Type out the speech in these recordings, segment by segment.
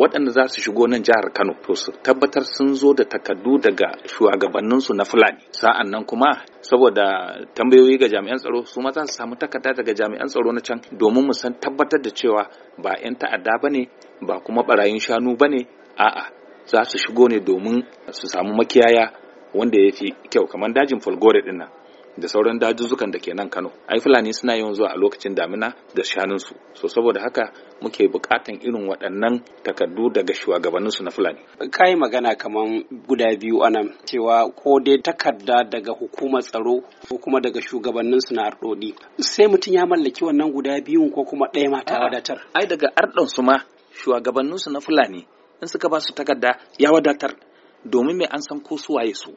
waɗanda za su shigo nan jihar Kano to su tabbatar sun zo da takardu daga shugabanninsu na Fulani sa'an nan kuma saboda tambayoyi ga jami'an tsaro su ma za su samu takarda daga jami'an tsaro na can domin mu san tabbatar da cewa ba 'yan ta'adda ba ne ba kuma barayin shanu ba ne a'a za su shigo ne domin su samu makiyaya wanda ya fi kyau kamar dajin folgore dinnan da sauran dajuzzukan da ke nan Kano. Ai Fulani suna yawan zuwa a lokacin damina da shanunsu. So saboda haka muke buƙatan irin waɗannan takardu daga shugabanninsu na Fulani. Ka yi magana kaman guda biyu anan cewa ko dai takarda daga hukumar tsaro ko kuma daga shugabanninsu na ardodi Sai mutum ya mallaki wannan guda biyun ko kuma ɗaya ma ta wadatar. Ai daga su ma shugabanninsu na Fulani in suka ba su takarda ya wadatar domin me an san ko su waye su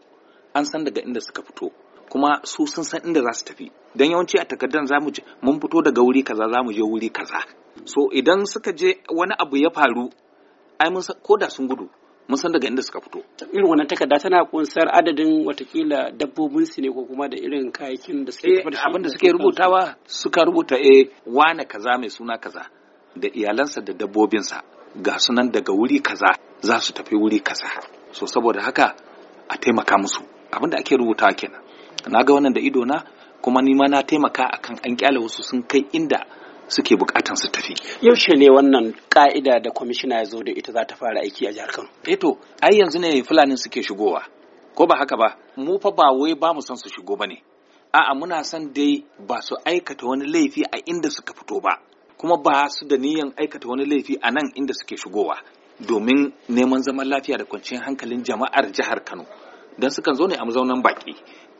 an san daga inda suka fito kuma su sun san inda za su tafi don yawanci a takardar za mu je, mun fito daga wuri kaza za mu je wuri kaza so idan suka je wani abu ya faru ai mun ko da sun gudu mun san daga inda suka fito irin wannan takarda tana kunsar adadin watakila dabbobin su ne ko kuma da irin kayakin da suke tafi eh, abin da suke rubutawa suka rubuta eh wane kaza mai suna kaza da iyalansa da dabbobinsa ga sunan daga wuri kaza za su tafi wuri kaza so saboda haka a taimaka musu abin da ake rubutawa kenan na ga wannan da ido na kuma ni ma na taimaka akan an kyale wasu sun kai inda suke bukatan su tafi yaushe ne wannan ka'ida da kwamishina ya zo da ita za ta fara aiki a jihar Kano eh to ai yanzu ne fulanin suke shigowa ko ba haka ba mu fa ba wai ba mu san su shigo bane a'a muna son dai ba su aikata wani laifi a inda suka fito ba kuma ba su da niyan aikata wani laifi a nan inda suke shigowa domin neman zaman lafiya da kwanciyar hankalin jama'ar jihar Kano don sukan zo ne a mazaunan baki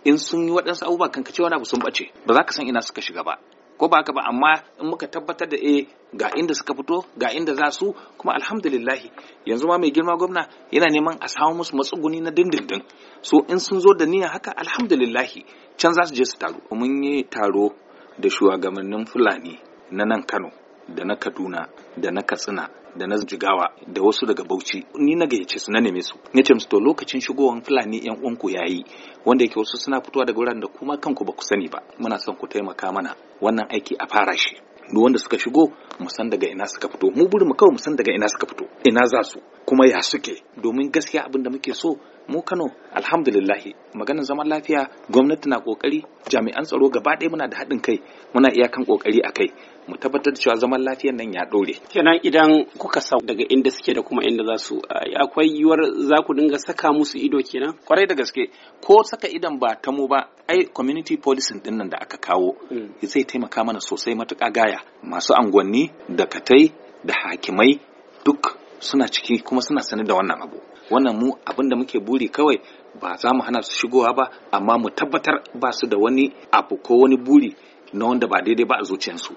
in sun yi waɗansu abubuwa kan kace na sun bace ba za ka san ina suka shiga ba ko ba haka ba amma in muka tabbatar da eh ga inda suka fito ga inda za su kuma alhamdulillahi yanzu ma mai girma gwamna yana neman a samu musu matsuguni na dindindin so in sun zo da niyya haka alhamdulillahi can za su je su taro mun yi taro da shugabannin fulani na nan kano da na kaduna da na katsina da na jigawa da wasu daga bauchi ni na gayyace su na neme su Ne ce musu to lokacin shigowan fulani yan uwanku yayi wanda yake wasu suna fitowa daga wuraren da kuma kanku ba ku sani ba muna son ku taimaka mana wannan aiki a fara shi duk wanda suka shigo mu san daga ina suka fito mu burin mu kawai mu san daga ina suka fito ina za su kuma ya suke domin gaskiya abin da muke so mu Kano alhamdulillah. maganar zaman lafiya gwamnati na kokari jami'an tsaro gaba ɗaya muna da haɗin kai muna iyakan kokari a kai mu tabbatar da cewa zaman lafiyar nan ya dore kenan idan kuka sa daga inda suke da kuma inda za su akwai yiwuwar za ku dinga saka musu ido kenan kwarai da gaske ko saka idan ba ta mu ba ai community policing din nan da aka kawo mm. zai taimaka mana sosai matuƙa gaya masu angwanni da katai da hakimai duk suna ciki kuma suna sani da wannan abu wannan mu abin da muke buri kawai ba za mu hana su shigowa ba amma mu tabbatar ba su da wani abu ko wani buri na wanda ba daidai ba a zuciyarsu